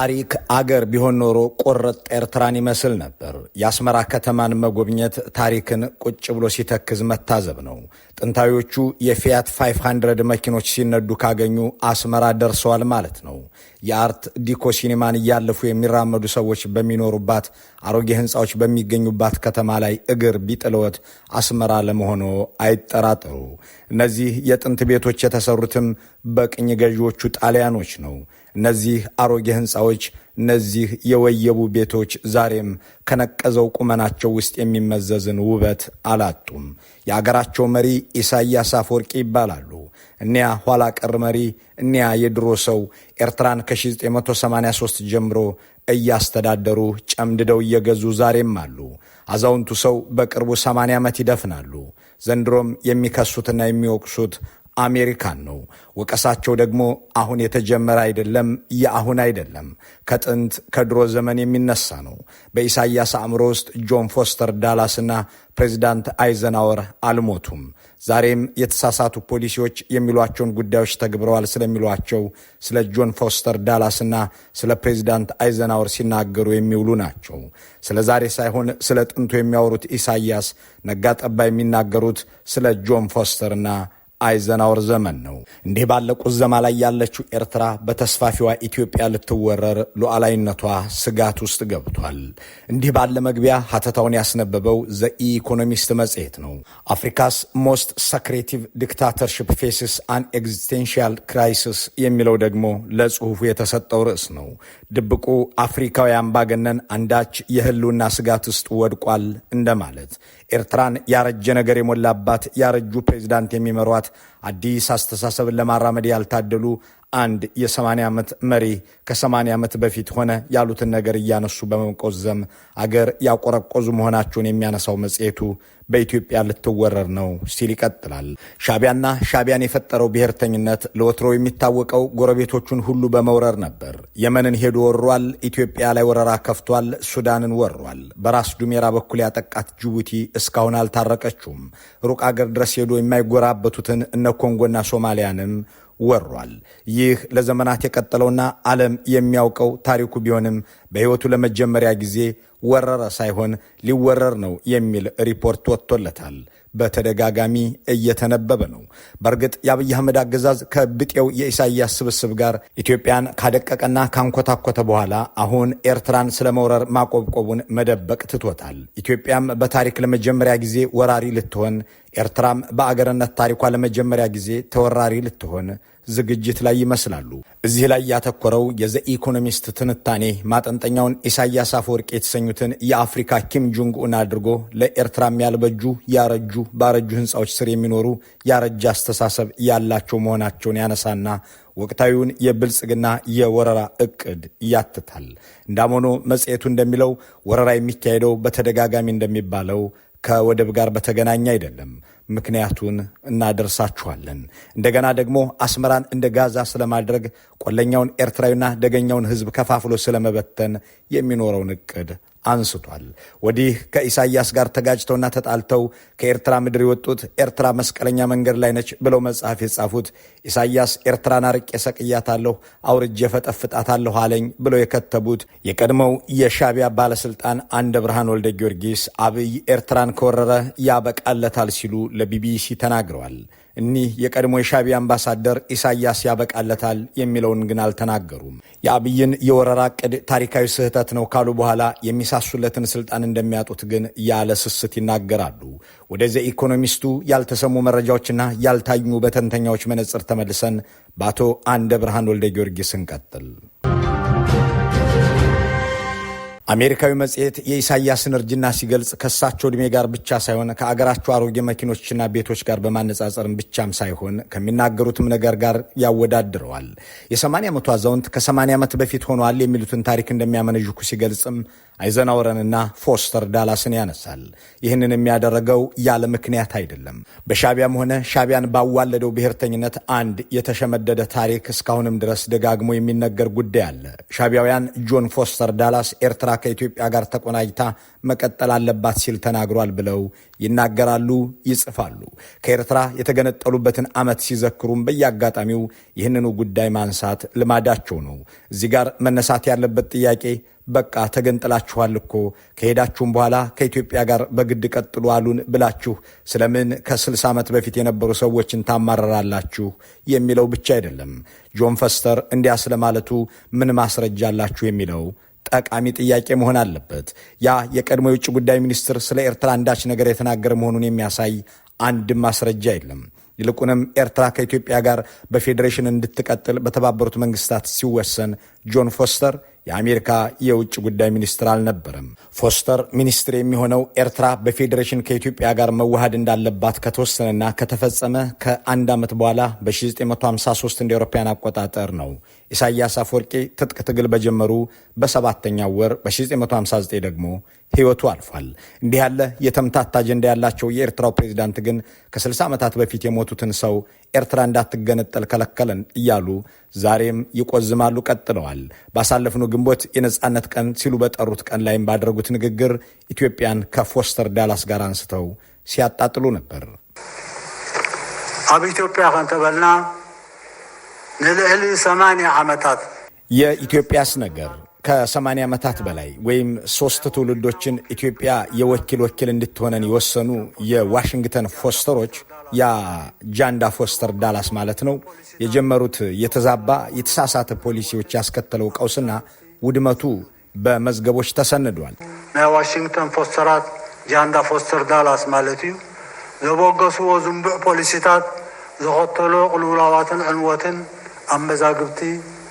ታሪክ አገር ቢሆን ኖሮ ቆረጥ ኤርትራን ይመስል ነበር። የአስመራ ከተማን መጎብኘት ታሪክን ቁጭ ብሎ ሲተክዝ መታዘብ ነው። ጥንታዊዎቹ የፊያት 500 መኪኖች ሲነዱ ካገኙ አስመራ ደርሰዋል ማለት ነው። የአርት ዲኮ ሲኒማን እያለፉ የሚራመዱ ሰዎች በሚኖሩባት አሮጌ ሕንፃዎች በሚገኙባት ከተማ ላይ እግር ቢጥለወት አስመራ ለመሆኖ አይጠራጠሩ። እነዚህ የጥንት ቤቶች የተሰሩትም በቅኝ ገዢዎቹ ጣሊያኖች ነው። እነዚህ አሮጌ ህንፃዎች፣ እነዚህ የወየቡ ቤቶች ዛሬም ከነቀዘው ቁመናቸው ውስጥ የሚመዘዝን ውበት አላጡም። የአገራቸው መሪ ኢሳያስ አፈወርቂ ይባላሉ። እኒያ ኋላ ቀር መሪ፣ እኒያ የድሮ ሰው ኤርትራን ከ1983 ጀምሮ እያስተዳደሩ ጨምድደው እየገዙ ዛሬም አሉ። አዛውንቱ ሰው በቅርቡ 80 ዓመት ይደፍናሉ። ዘንድሮም የሚከሱትና የሚወቅሱት አሜሪካን ነው። ወቀሳቸው ደግሞ አሁን የተጀመረ አይደለም፣ የአሁን አይደለም፣ ከጥንት ከድሮ ዘመን የሚነሳ ነው። በኢሳይያስ አእምሮ ውስጥ ጆን ፎስተር ዳላስና ፕሬዚዳንት አይዘናወር አልሞቱም። ዛሬም የተሳሳቱ ፖሊሲዎች የሚሏቸውን ጉዳዮች ተግብረዋል ስለሚሏቸው ስለ ጆን ፎስተር ዳላስና ስለ ፕሬዚዳንት አይዘናወር ሲናገሩ የሚውሉ ናቸው። ስለ ዛሬ ሳይሆን ስለ ጥንቱ የሚያወሩት ኢሳይያስ ነጋጠባ የሚናገሩት ስለ ጆን ፎስተርና አይዘናወር ዘመን ነው። እንዲህ ባለ ዘማ ላይ ያለችው ኤርትራ በተስፋፊዋ ኢትዮጵያ ልትወረር ሉዓላዊነቷ ስጋት ውስጥ ገብቷል። እንዲህ ባለ መግቢያ ሀተታውን ያስነበበው ኢኮኖሚስት መጽሔት ነው። አፍሪካስ ሞስት ሰክሬቲቭ ዲክታተርሽፕ ፌሲስ አን ኤግዚስቴንሺያል ክራይሲስ የሚለው ደግሞ ለጽሑፉ የተሰጠው ርዕስ ነው። ድብቁ አፍሪካዊ አምባገነን አንዳች የህልውና ስጋት ውስጥ ወድቋል እንደማለት ኤርትራን ያረጀ ነገር የሞላባት ያረጁ ፕሬዚዳንት የሚመሯት አዲስ አስተሳሰብን ለማራመድ ያልታደሉ አንድ የ80 ዓመት መሪ ከ80 ዓመት በፊት ሆነ ያሉትን ነገር እያነሱ በመቆዘም አገር ያቆረቆዙ መሆናቸውን የሚያነሳው መጽሔቱ በኢትዮጵያ ልትወረር ነው ሲል ይቀጥላል። ሻቢያና ሻቢያን የፈጠረው ብሔርተኝነት ለወትሮ የሚታወቀው ጎረቤቶቹን ሁሉ በመውረር ነበር። የመንን ሄዶ ወሯል። ኢትዮጵያ ላይ ወረራ ከፍቷል። ሱዳንን ወሯል። በራስ ዱሜራ በኩል ያጠቃት ጅቡቲ እስካሁን አልታረቀችውም። ሩቅ አገር ድረስ ሄዶ የማይጎራበቱትን እነ ኮንጎና ሶማሊያንም ወሯል። ይህ ለዘመናት የቀጠለውና ዓለም የሚያውቀው ታሪኩ ቢሆንም በሕይወቱ ለመጀመሪያ ጊዜ ወረረ ሳይሆን ሊወረር ነው የሚል ሪፖርት ወጥቶለታል። በተደጋጋሚ እየተነበበ ነው። በእርግጥ የአብይ አህመድ አገዛዝ ከብጤው የኢሳያስ ስብስብ ጋር ኢትዮጵያን ካደቀቀና ካንኮታኮተ በኋላ አሁን ኤርትራን ስለ መውረር ማቆብቆቡን መደበቅ ትቶታል። ኢትዮጵያም በታሪክ ለመጀመሪያ ጊዜ ወራሪ ልትሆን ኤርትራም በአገርነት ታሪኳ ለመጀመሪያ ጊዜ ተወራሪ ልትሆን ዝግጅት ላይ ይመስላሉ። እዚህ ላይ ያተኮረው የዘ ኢኮኖሚስት ትንታኔ ማጠንጠኛውን ኢሳያስ አፈወርቅ የተሰኙትን የአፍሪካ ኪም ጆንግ አድርጎ ለኤርትራም ያልበጁ ያረጁ፣ ባረጁ ህንፃዎች ስር የሚኖሩ ያረጀ አስተሳሰብ ያላቸው መሆናቸውን ያነሳና ወቅታዊውን የብልጽግና የወረራ እቅድ ያትታል። እንዳም ሆኖ መጽሔቱ እንደሚለው ወረራ የሚካሄደው በተደጋጋሚ እንደሚባለው ከወደብ ጋር በተገናኘ አይደለም። ምክንያቱን እናደርሳችኋለን። እንደገና ደግሞ አስመራን እንደ ጋዛ ስለማድረግ ቆለኛውን ኤርትራዊና ደገኛውን ሕዝብ ከፋፍሎ ስለመበተን የሚኖረውን እቅድ። አንስቷል። ወዲህ ከኢሳይያስ ጋር ተጋጭተውና ተጣልተው ከኤርትራ ምድር የወጡት ኤርትራ መስቀለኛ መንገድ ላይ ነች ብለው መጽሐፍ የጻፉት ኢሳይያስ ኤርትራን አርቄ ሰቅያታለሁ፣ አውርጄ ፈጠፍጣታለሁ አለኝ ብለው የከተቡት የቀድሞው የሻቢያ ባለስልጣን አንደ ብርሃን ወልደ ጊዮርጊስ አብይ ኤርትራን ከወረረ ያበቃለታል ሲሉ ለቢቢሲ ተናግረዋል። እኒህ የቀድሞ የሻቢያ አምባሳደር ኢሳያስ ያበቃለታል የሚለውን ግን አልተናገሩም። የአብይን የወረራ ቅድ ታሪካዊ ስህተት ነው ካሉ በኋላ የሚሳሱለትን ስልጣን እንደሚያጡት ግን ያለ ስስት ይናገራሉ። ወደዚያ ኢኮኖሚስቱ ያልተሰሙ መረጃዎችና ያልታዩ በተንተኛዎች መነጽር ተመልሰን በአቶ አንደ ብርሃን ወልደ ጊዮርጊስ እንቀጥል። አሜሪካዊ መጽሔት የኢሳያስን እርጅና ሲገልጽ ከእሳቸው ዕድሜ ጋር ብቻ ሳይሆን ከአገራቸው አሮጌ መኪኖችና ቤቶች ጋር በማነጻጸርም ብቻም ሳይሆን ከሚናገሩትም ነገር ጋር ያወዳድረዋል። የ80 ዓመቱ አዛውንት ከ80 ዓመት በፊት ሆኗል የሚሉትን ታሪክ እንደሚያመነዥኩ ሲገልጽም አይዘናወረንና ፎስተር ዳላስን ያነሳል። ይህንን የሚያደረገው ያለ ምክንያት አይደለም። በሻቢያም ሆነ ሻቢያን ባዋለደው ብሔርተኝነት አንድ የተሸመደደ ታሪክ እስካሁንም ድረስ ደጋግሞ የሚነገር ጉዳይ አለ። ሻቢያውያን ጆን ፎስተር ዳላስ ኤርትራ ከኢትዮጵያ ጋር ተቆናጅታ መቀጠል አለባት ሲል ተናግሯል ብለው ይናገራሉ፣ ይጽፋሉ። ከኤርትራ የተገነጠሉበትን ዓመት ሲዘክሩም በየአጋጣሚው ይህንኑ ጉዳይ ማንሳት ልማዳቸው ነው። እዚህ ጋር መነሳት ያለበት ጥያቄ በቃ ተገንጥላችኋል እኮ ከሄዳችሁም በኋላ ከኢትዮጵያ ጋር በግድ ቀጥሉ አሉን ብላችሁ ስለምን ከ60 ዓመት በፊት የነበሩ ሰዎችን ታማረራላችሁ? የሚለው ብቻ አይደለም ጆን ፈስተር እንዲያ ስለማለቱ ምን ማስረጃ አላችሁ የሚለው ጠቃሚ ጥያቄ መሆን አለበት። ያ የቀድሞ የውጭ ጉዳይ ሚኒስትር ስለ ኤርትራ አንዳች ነገር የተናገረ መሆኑን የሚያሳይ አንድም ማስረጃ የለም። ይልቁንም ኤርትራ ከኢትዮጵያ ጋር በፌዴሬሽን እንድትቀጥል በተባበሩት መንግስታት ሲወሰን ጆን ፎስተር የአሜሪካ የውጭ ጉዳይ ሚኒስትር አልነበረም። ፎስተር ሚኒስትር የሚሆነው ኤርትራ በፌዴሬሽን ከኢትዮጵያ ጋር መዋሃድ እንዳለባት ከተወሰነና ከተፈጸመ ከአንድ ዓመት በኋላ በ1953 እንደ አውሮፓውያን አቆጣጠር ነው። ኢሳያስ አፈወርቂ ትጥቅ ትግል በጀመሩ በሰባተኛው ወር በ1959 ደግሞ ህይወቱ አልፏል። እንዲህ ያለ የተምታታ አጀንዳ ያላቸው የኤርትራው ፕሬዚዳንት ግን ከ60 ዓመታት በፊት የሞቱትን ሰው ኤርትራ እንዳትገነጠል ከለከለን እያሉ ዛሬም ይቆዝማሉ፣ ቀጥለዋል። ባሳለፍነው ግንቦት የነፃነት ቀን ሲሉ በጠሩት ቀን ላይም ባደረጉት ንግግር ኢትዮጵያን ከፎስተር ዳላስ ጋር አንስተው ሲያጣጥሉ ነበር። አብ ኢትዮጵያ ከንተበልና ንልዕሊ 80 ዓመታት የኢትዮጵያስ ነገር ከ80 ዓመታት በላይ ወይም ሶስት ትውልዶችን ኢትዮጵያ የወኪል ወኪል እንድትሆነን የወሰኑ የዋሽንግተን ፎስተሮች ያ ጃንዳ ፎስተር ዳላስ ማለት ነው የጀመሩት የተዛባ የተሳሳተ ፖሊሲዎች ያስከተለው ቀውስና ውድመቱ በመዝገቦች ተሰንዷል። ናይ ዋሽንግተን ፎስተራት ጃንዳ ፎስተር ዳላስ ማለት እዩ ዘበገስዎ ዝንቡዕ ፖሊሲታት ዘኸተሎ ቅልውላዋትን ዕንወትን ኣመዛግብቲ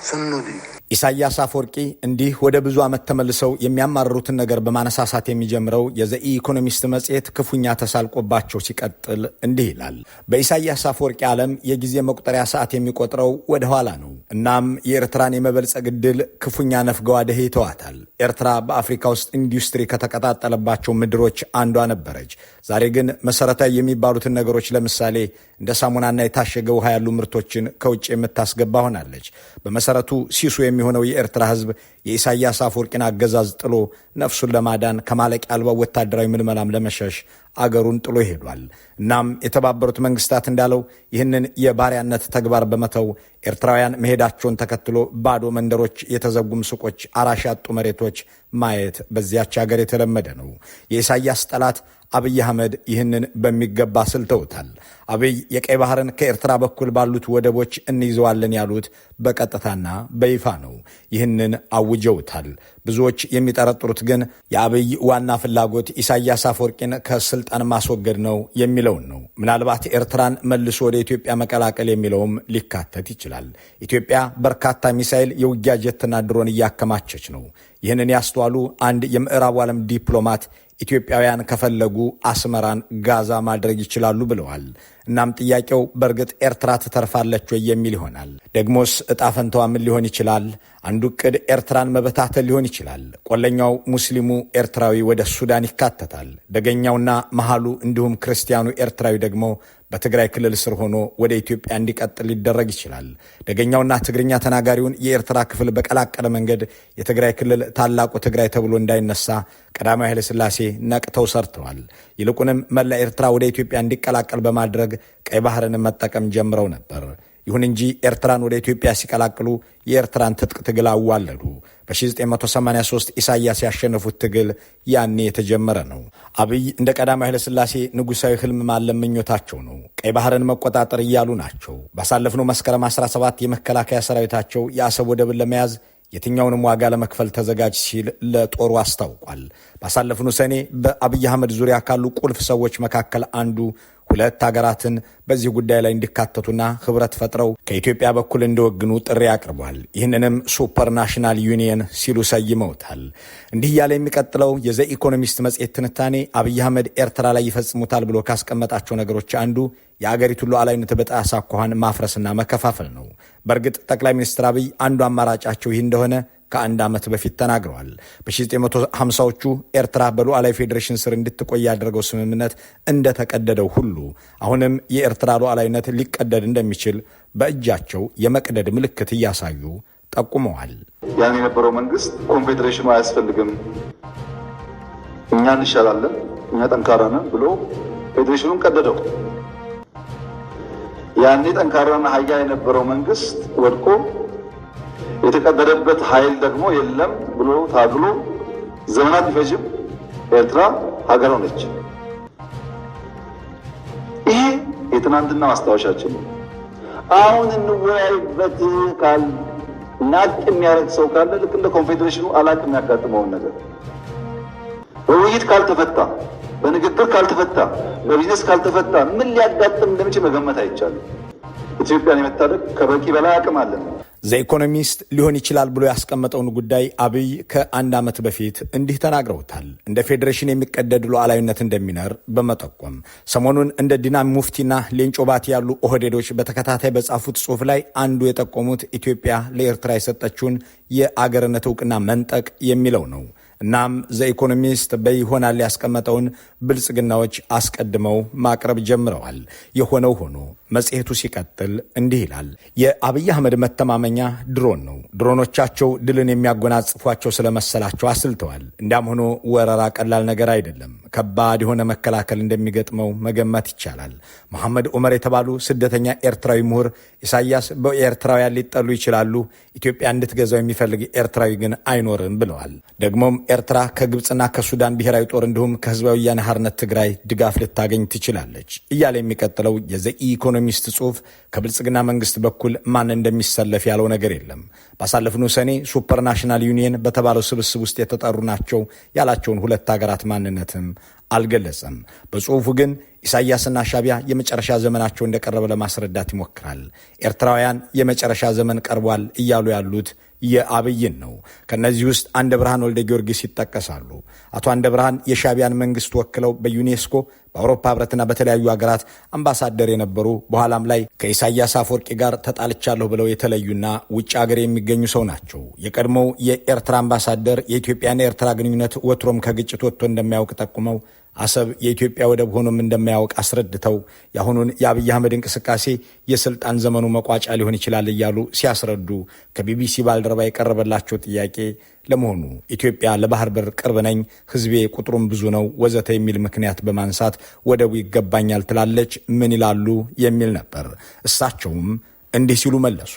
ስኑድ እዩ ኢሳያስ አፈወርቂ እንዲህ ወደ ብዙ ዓመት ተመልሰው የሚያማርሩትን ነገር በማነሳሳት የሚጀምረው የዘኢ ኢኮኖሚስት መጽሔት ክፉኛ ተሳልቆባቸው ሲቀጥል እንዲህ ይላል። በኢሳያስ አፈወርቂ ዓለም የጊዜ መቁጠሪያ ሰዓት የሚቆጥረው ወደ ኋላ ነው። እናም የኤርትራን የመበልጸግ ዕድል ክፉኛ ነፍገዋ ደህይተዋታል። ኤርትራ በአፍሪካ ውስጥ ኢንዱስትሪ ከተቀጣጠለባቸው ምድሮች አንዷ ነበረች። ዛሬ ግን መሰረታዊ የሚባሉትን ነገሮች ለምሳሌ እንደ ሳሙናና የታሸገ ውሃ ያሉ ምርቶችን ከውጭ የምታስገባ ሆናለች። በመሰረቱ ሲሱ የሚሆነው የኤርትራ ህዝብ የኢሳያስ አፈወርቂን አገዛዝ ጥሎ ነፍሱን ለማዳን ከማለቂያ አልባ ወታደራዊ ምልመላም ለመሸሽ አገሩን ጥሎ ይሄዷል እናም የተባበሩት መንግስታት እንዳለው ይህንን የባሪያነት ተግባር በመተው ኤርትራውያን መሄዳቸውን ተከትሎ ባዶ መንደሮች፣ የተዘጉም ሱቆች፣ አራሽ ያጡ መሬቶች ማየት በዚያች ሀገር የተለመደ ነው። የኢሳያስ ጠላት አብይ አህመድ ይህንን በሚገባ ስልተውታል። አብይ የቀይ ባህርን ከኤርትራ በኩል ባሉት ወደቦች እንይዘዋለን ያሉት በቀጥታና በይፋ ነው። ይህንን አውጀውታል። ብዙዎች የሚጠረጥሩት ግን የአብይ ዋና ፍላጎት ኢሳያስ አፈወርቂን ከስልጣን ማስወገድ ነው የሚለውን ነው። ምናልባት ኤርትራን መልሶ ወደ ኢትዮጵያ መቀላቀል የሚለውም ሊካተት ይችላል። ኢትዮጵያ በርካታ ሚሳይል፣ የውጊያ ጀትና ድሮን እያከማቸች ነው። ይህንን ያስተዋሉ አንድ የምዕራቡ ዓለም ዲፕሎማት ኢትዮጵያውያን ከፈለጉ አስመራን ጋዛ ማድረግ ይችላሉ ብለዋል። እናም ጥያቄው በእርግጥ ኤርትራ ትተርፋለች ወይ የሚል ይሆናል። ደግሞስ እጣ ፈንታዋ ምን ሊሆን ይችላል? አንዱ ቅድ ኤርትራን መበታተል ሊሆን ይችላል። ቆለኛው ሙስሊሙ ኤርትራዊ ወደ ሱዳን ይካተታል። ደገኛውና መሃሉ እንዲሁም ክርስቲያኑ ኤርትራዊ ደግሞ በትግራይ ክልል ስር ሆኖ ወደ ኢትዮጵያ እንዲቀጥል ሊደረግ ይችላል። ደገኛውና ትግርኛ ተናጋሪውን የኤርትራ ክፍል በቀላቀለ መንገድ የትግራይ ክልል ታላቁ ትግራይ ተብሎ እንዳይነሳ ቀዳማዊ ኃይለሥላሴ ነቅተው ሰርተዋል። ይልቁንም መላ ኤርትራ ወደ ኢትዮጵያ እንዲቀላቀል በማድረግ ቀይ ባህርን መጠቀም ጀምረው ነበር። ይሁን እንጂ ኤርትራን ወደ ኢትዮጵያ ሲቀላቅሉ የኤርትራን ትጥቅ ትግል አዋለዱ። በ1983 ኢሳያስ ያሸነፉት ትግል ያኔ የተጀመረ ነው። አብይ እንደ ቀዳማዊ ኃይለሥላሴ ንጉሳዊ ህልም ማለም ምኞታቸው ነው። ቀይ ባህርን መቆጣጠር እያሉ ናቸው። ባሳለፍነው መስከረም 17 የመከላከያ ሰራዊታቸው የአሰብ ወደብን ለመያዝ የትኛውንም ዋጋ ለመክፈል ተዘጋጅ ሲል ለጦሩ አስታውቋል። ባሳለፍነው ሰኔ በአብይ አህመድ ዙሪያ ካሉ ቁልፍ ሰዎች መካከል አንዱ ሁለት ሀገራትን በዚህ ጉዳይ ላይ እንዲካተቱና ህብረት ፈጥረው ከኢትዮጵያ በኩል እንዲወግኑ ጥሪ አቅርቧል። ይህንንም ሱፐርናሽናል ዩኒየን ሲሉ ሰይመውታል። እንዲህ እያለ የሚቀጥለው የዘ ኢኮኖሚስት መጽሔት ትንታኔ አብይ አህመድ ኤርትራ ላይ ይፈጽሙታል ብሎ ካስቀመጣቸው ነገሮች አንዱ የአገሪቱን ሉዓላዊነት በጣሳ ኳኋን ማፍረስና መከፋፈል ነው። በእርግጥ ጠቅላይ ሚኒስትር አብይ አንዱ አማራጫቸው ይህ እንደሆነ ከአንድ ዓመት በፊት ተናግረዋል። በ1950ዎቹ ኤርትራ በሉዓላዊ ፌዴሬሽን ስር እንድትቆይ ያደረገው ስምምነት እንደተቀደደው ሁሉ አሁንም የኤርትራ ሉዓላዊነት ሊቀደድ እንደሚችል በእጃቸው የመቅደድ ምልክት እያሳዩ ጠቁመዋል። ያን የነበረው መንግስት ኮንፌዴሬሽኑ አያስፈልግም፣ እኛ እንሻላለን፣ እኛ ጠንካራ ነን ብሎ ፌዴሬሽኑን ቀደደው። ያኔ ጠንካራና ሀያ የነበረው መንግስት ወድቆ የተቀበረበት ኃይል ደግሞ የለም ብሎ ታግሎ ዘመናት ቢፈጅም ኤርትራ ሀገር ሆነች። ይሄ የትናንትና ማስታወሻችን ነው። አሁን እንወያይበት ካል ናቅ የሚያደርግ ሰው ካለ ልክ እንደ ኮንፌዴሬሽኑ አላቅ የሚያጋጥመውን ነገር በውይይት ካልተፈታ፣ በንግግር ካልተፈታ፣ በቢዝነስ ካልተፈታ ምን ሊያጋጥም እንደሚችል መገመት አይቻልም። ኢትዮጵያን የመታደግ ከበቂ በላይ አቅም አለን። ዘኢኮኖሚስት ሊሆን ይችላል ብሎ ያስቀመጠውን ጉዳይ አብይ ከአንድ ዓመት በፊት እንዲህ ተናግረውታል። እንደ ፌዴሬሽን የሚቀደድ ሉዓላዊነት እንደሚኖር በመጠቆም ሰሞኑን እንደ ዲናም ሙፍቲና ሌንጮ ባቲ ያሉ ኦህዴዶች በተከታታይ በጻፉት ጽሑፍ ላይ አንዱ የጠቆሙት ኢትዮጵያ ለኤርትራ የሰጠችውን የአገርነት እውቅና መንጠቅ የሚለው ነው። እናም ዘኢኮኖሚስት በይሆናል ያስቀመጠውን ብልጽግናዎች አስቀድመው ማቅረብ ጀምረዋል። የሆነው ሆኖ መጽሔቱ ሲቀጥል እንዲህ ይላል። የአብይ አህመድ መተማመኛ ድሮን ነው። ድሮኖቻቸው ድልን የሚያጎናጽፏቸው ስለመሰላቸው አስልተዋል። እንዲያም ሆኖ ወረራ ቀላል ነገር አይደለም። ከባድ የሆነ መከላከል እንደሚገጥመው መገመት ይቻላል። መሐመድ ዑመር የተባሉ ስደተኛ ኤርትራዊ ምሁር ኢሳያስ በኤርትራውያን ሊጠሉ ይችላሉ፣ ኢትዮጵያ እንድትገዛው የሚፈልግ ኤርትራዊ ግን አይኖርም ብለዋል። ደግሞም ኤርትራ ከግብፅና ከሱዳን ብሔራዊ ጦር እንዲሁም ከህዝባዊ ወያነ ሓርነት ትግራይ ድጋፍ ልታገኝ ትችላለች እያለ የሚቀጥለው የዘ ኢኮኖሚስት ጽሁፍ ከብልጽግና መንግስት በኩል ማን እንደሚሰለፍ ያለው ነገር የለም። ባሳለፍነው ሰኔ ሱፐርናሽናል ዩኒየን በተባለው ስብስብ ውስጥ የተጠሩ ናቸው ያላቸውን ሁለት ሀገራት ማንነትም አልገለጸም። በጽሁፉ ግን ኢሳያስና ሻቢያ የመጨረሻ ዘመናቸው እንደቀረበ ለማስረዳት ይሞክራል። ኤርትራውያን የመጨረሻ ዘመን ቀርቧል እያሉ ያሉት የአብይን ነው። ከእነዚህ ውስጥ አንደ ብርሃን ወልደ ጊዮርጊስ ይጠቀሳሉ። አቶ አንደ ብርሃን የሻቢያን መንግስት ወክለው በዩኔስኮ በአውሮፓ ህብረትና በተለያዩ ሀገራት አምባሳደር የነበሩ በኋላም ላይ ከኢሳያስ አፈወርቂ ጋር ተጣልቻለሁ ብለው የተለዩና ውጭ ሀገር የሚገኙ ሰው ናቸው። የቀድሞው የኤርትራ አምባሳደር የኢትዮጵያና የኤርትራ ግንኙነት ወትሮም ከግጭት ወጥቶ እንደማያውቅ ጠቁመው አሰብ የኢትዮጵያ ወደብ ሆኖም እንደማያውቅ አስረድተው የአሁኑን የአብይ አህመድ እንቅስቃሴ የስልጣን ዘመኑ መቋጫ ሊሆን ይችላል እያሉ ሲያስረዱ ከቢቢሲ ባልደረባ የቀረበላቸው ጥያቄ ለመሆኑ ኢትዮጵያ ለባህር በር ቅርብ ነኝ፣ ህዝቤ ቁጥሩም ብዙ ነው፣ ወዘተ የሚል ምክንያት በማንሳት ወደቡ ይገባኛል ትላለች፣ ምን ይላሉ የሚል ነበር። እሳቸውም እንዲህ ሲሉ መለሱ።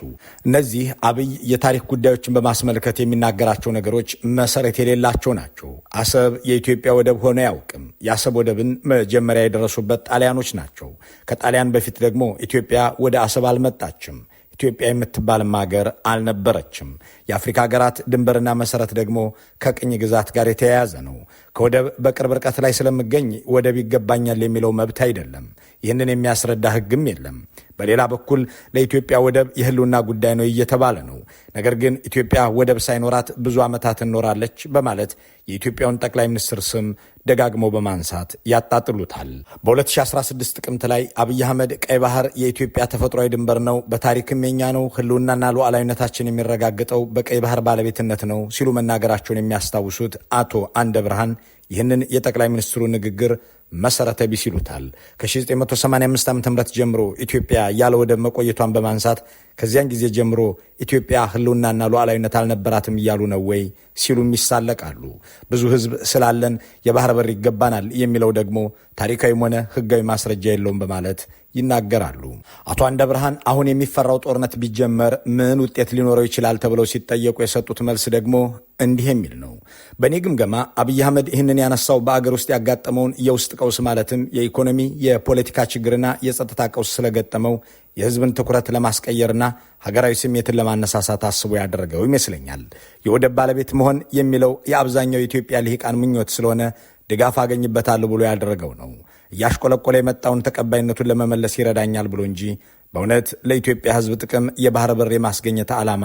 እነዚህ አብይ የታሪክ ጉዳዮችን በማስመልከት የሚናገራቸው ነገሮች መሰረት የሌላቸው ናቸው። አሰብ የኢትዮጵያ ወደብ ሆነ አያውቅም። የአሰብ ወደብን መጀመሪያ የደረሱበት ጣሊያኖች ናቸው። ከጣሊያን በፊት ደግሞ ኢትዮጵያ ወደ አሰብ አልመጣችም። ኢትዮጵያ የምትባልም ሀገር አልነበረችም። የአፍሪካ ሀገራት ድንበርና መሰረት ደግሞ ከቅኝ ግዛት ጋር የተያያዘ ነው። ከወደብ በቅርብ ርቀት ላይ ስለምገኝ ወደብ ይገባኛል የሚለው መብት አይደለም። ይህንን የሚያስረዳ ሕግም የለም። በሌላ በኩል ለኢትዮጵያ ወደብ የህልውና ጉዳይ ነው እየተባለ ነው። ነገር ግን ኢትዮጵያ ወደብ ሳይኖራት ብዙ ዓመታት እኖራለች በማለት የኢትዮጵያውን ጠቅላይ ሚኒስትር ስም ደጋግሞ በማንሳት ያጣጥሉታል። በ2016 ጥቅምት ላይ አብይ አህመድ ቀይ ባህር የኢትዮጵያ ተፈጥሯዊ ድንበር ነው፣ በታሪክም የኛ ነው፣ ህልውናና ሉዓላዊነታችን የሚረጋግጠው በቀይ ባህር ባለቤትነት ነው ሲሉ መናገራቸውን የሚያስታውሱት አቶ አንደ ብርሃን ይህንን የጠቅላይ ሚኒስትሩ ንግግር መሰረተ ቢስ ይሉታል። ከ1985 ዓ ም ጀምሮ ኢትዮጵያ ያለ ወደብ መቆየቷን በማንሳት ከዚያን ጊዜ ጀምሮ ኢትዮጵያ ሕልውናና ሉዓላዊነት አልነበራትም እያሉ ነው ወይ ሲሉም ይሳለቃሉ። ብዙ ህዝብ ስላለን የባህር በር ይገባናል የሚለው ደግሞ ታሪካዊም ሆነ ህጋዊ ማስረጃ የለውም በማለት ይናገራሉ። አቶ አንደ ብርሃን አሁን የሚፈራው ጦርነት ቢጀመር ምን ውጤት ሊኖረው ይችላል ተብለው ሲጠየቁ የሰጡት መልስ ደግሞ እንዲህ የሚል ነው። በእኔ ግምገማ አብይ አህመድ ይህንን ያነሳው በአገር ውስጥ ያጋጠመውን የውስጥ ቀውስ ማለትም የኢኮኖሚ የፖለቲካ ችግርና የጸጥታ ቀውስ ስለገጠመው የህዝብን ትኩረት ለማስቀየርና ሀገራዊ ስሜትን ለማነሳሳት አስቦ ያደረገው ይመስለኛል። የወደብ ባለቤት መሆን የሚለው የአብዛኛው የኢትዮጵያ ልሂቃን ምኞት ስለሆነ ድጋፍ አገኝበታል ብሎ ያደረገው ነው። እያሽቆለቆለ የመጣውን ተቀባይነቱን ለመመለስ ይረዳኛል ብሎ እንጂ በእውነት ለኢትዮጵያ ህዝብ ጥቅም የባህር በር የማስገኘት ዓላማ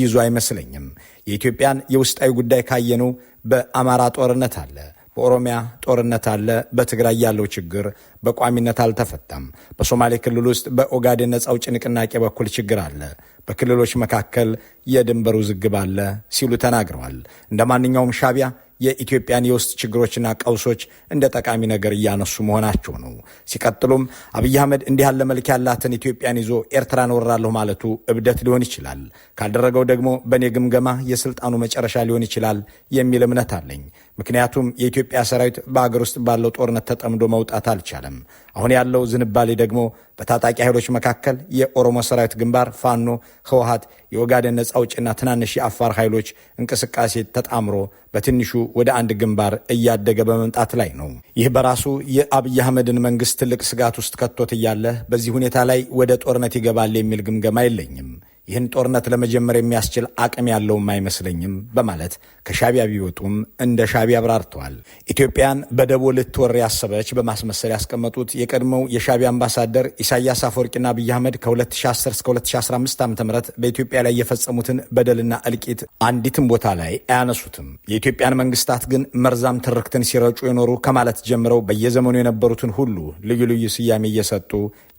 ይዞ አይመስለኝም። የኢትዮጵያን የውስጣዊ ጉዳይ ካየኑ በአማራ ጦርነት አለ በኦሮሚያ ጦርነት አለ። በትግራይ ያለው ችግር በቋሚነት አልተፈታም። በሶማሌ ክልል ውስጥ በኦጋዴን ነፃ አውጪ ንቅናቄ በኩል ችግር አለ። በክልሎች መካከል የድንበር ውዝግብ አለ ሲሉ ተናግረዋል። እንደ ማንኛውም ሻቢያ የኢትዮጵያን የውስጥ ችግሮችና ቀውሶች እንደ ጠቃሚ ነገር እያነሱ መሆናቸው ነው። ሲቀጥሉም አብይ አህመድ እንዲህ ያለ መልክ ያላትን ኢትዮጵያን ይዞ ኤርትራን ወራለሁ ማለቱ እብደት ሊሆን ይችላል፣ ካልደረገው ደግሞ በእኔ ግምገማ የስልጣኑ መጨረሻ ሊሆን ይችላል የሚል እምነት አለኝ። ምክንያቱም የኢትዮጵያ ሰራዊት በአገር ውስጥ ባለው ጦርነት ተጠምዶ መውጣት አልቻለም። አሁን ያለው ዝንባሌ ደግሞ በታጣቂ ኃይሎች መካከል የኦሮሞ ሰራዊት ግንባር፣ ፋኖ፣ ህወሀት፣ የኦጋዴን ነፃ አውጭና ትናንሽ የአፋር ኃይሎች እንቅስቃሴ ተጣምሮ በትንሹ ወደ አንድ ግንባር እያደገ በመምጣት ላይ ነው። ይህ በራሱ የአብይ አህመድን መንግስት ትልቅ ስጋት ውስጥ ከቶት እያለ በዚህ ሁኔታ ላይ ወደ ጦርነት ይገባል የሚል ግምገማ የለኝም። ይህን ጦርነት ለመጀመር የሚያስችል አቅም ያለውም አይመስለኝም በማለት ከሻቢያ ቢወጡም እንደ ሻቢያ አብራርተዋል። ኢትዮጵያን በደቦ ልትወር ያሰበች በማስመሰል ያስቀመጡት የቀድሞው የሻቢያ አምባሳደር ኢሳያስ አፈወርቂና አብይ አህመድ ከ2010 እስከ 2015 ዓ ም በኢትዮጵያ ላይ የፈጸሙትን በደልና እልቂት አንዲትም ቦታ ላይ አያነሱትም። የኢትዮጵያን መንግስታት ግን መርዛም ትርክትን ሲረጩ የኖሩ ከማለት ጀምረው በየዘመኑ የነበሩትን ሁሉ ልዩ ልዩ ስያሜ እየሰጡ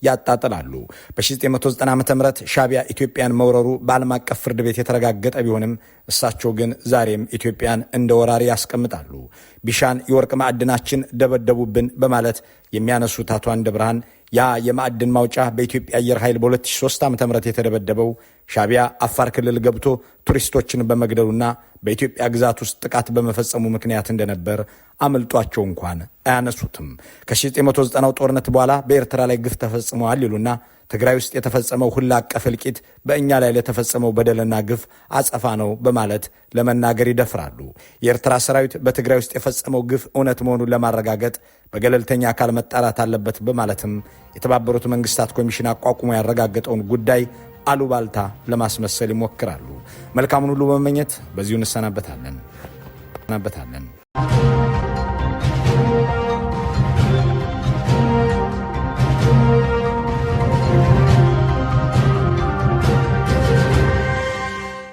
ያጣጥላሉ። በ1990 ዓ ም ሻቢያ ኢትዮጵያን መውረሩ በዓለም አቀፍ ፍርድ ቤት የተረጋገጠ ቢሆንም እሳቸው ግን ዛሬም ኢትዮጵያን እንደ ወራሪ ያስቀምጣሉ። ቢሻን የወርቅ ማዕድናችን ደበደቡብን በማለት የሚያነሱት አቶ አንድ ብርሃን ያ የማዕድን ማውጫ በኢትዮጵያ አየር ኃይል በ2003 ዓ ም የተደበደበው ሻቢያ አፋር ክልል ገብቶ ቱሪስቶችን በመግደሉና በኢትዮጵያ ግዛት ውስጥ ጥቃት በመፈጸሙ ምክንያት እንደነበር አመልጧቸው እንኳን አያነሱትም። 1990 ጦርነት በኋላ በኤርትራ ላይ ግፍ ተፈጽመዋል ይሉና ትግራይ ውስጥ የተፈጸመው ሁላ አቀፍ እልቂት በእኛ ላይ ለተፈጸመው በደልና ግፍ አጸፋ ነው በማለት ለመናገር ይደፍራሉ። የኤርትራ ሰራዊት በትግራይ ውስጥ የፈጸመው ግፍ እውነት መሆኑን ለማረጋገጥ በገለልተኛ አካል መጣራት አለበት በማለትም የተባበሩት መንግስታት ኮሚሽን አቋቁሞ ያረጋገጠውን ጉዳይ አሉባልታ ለማስመሰል ይሞክራሉ። መልካሙን ሁሉ በመመኘት በዚሁ እንሰናበታለን።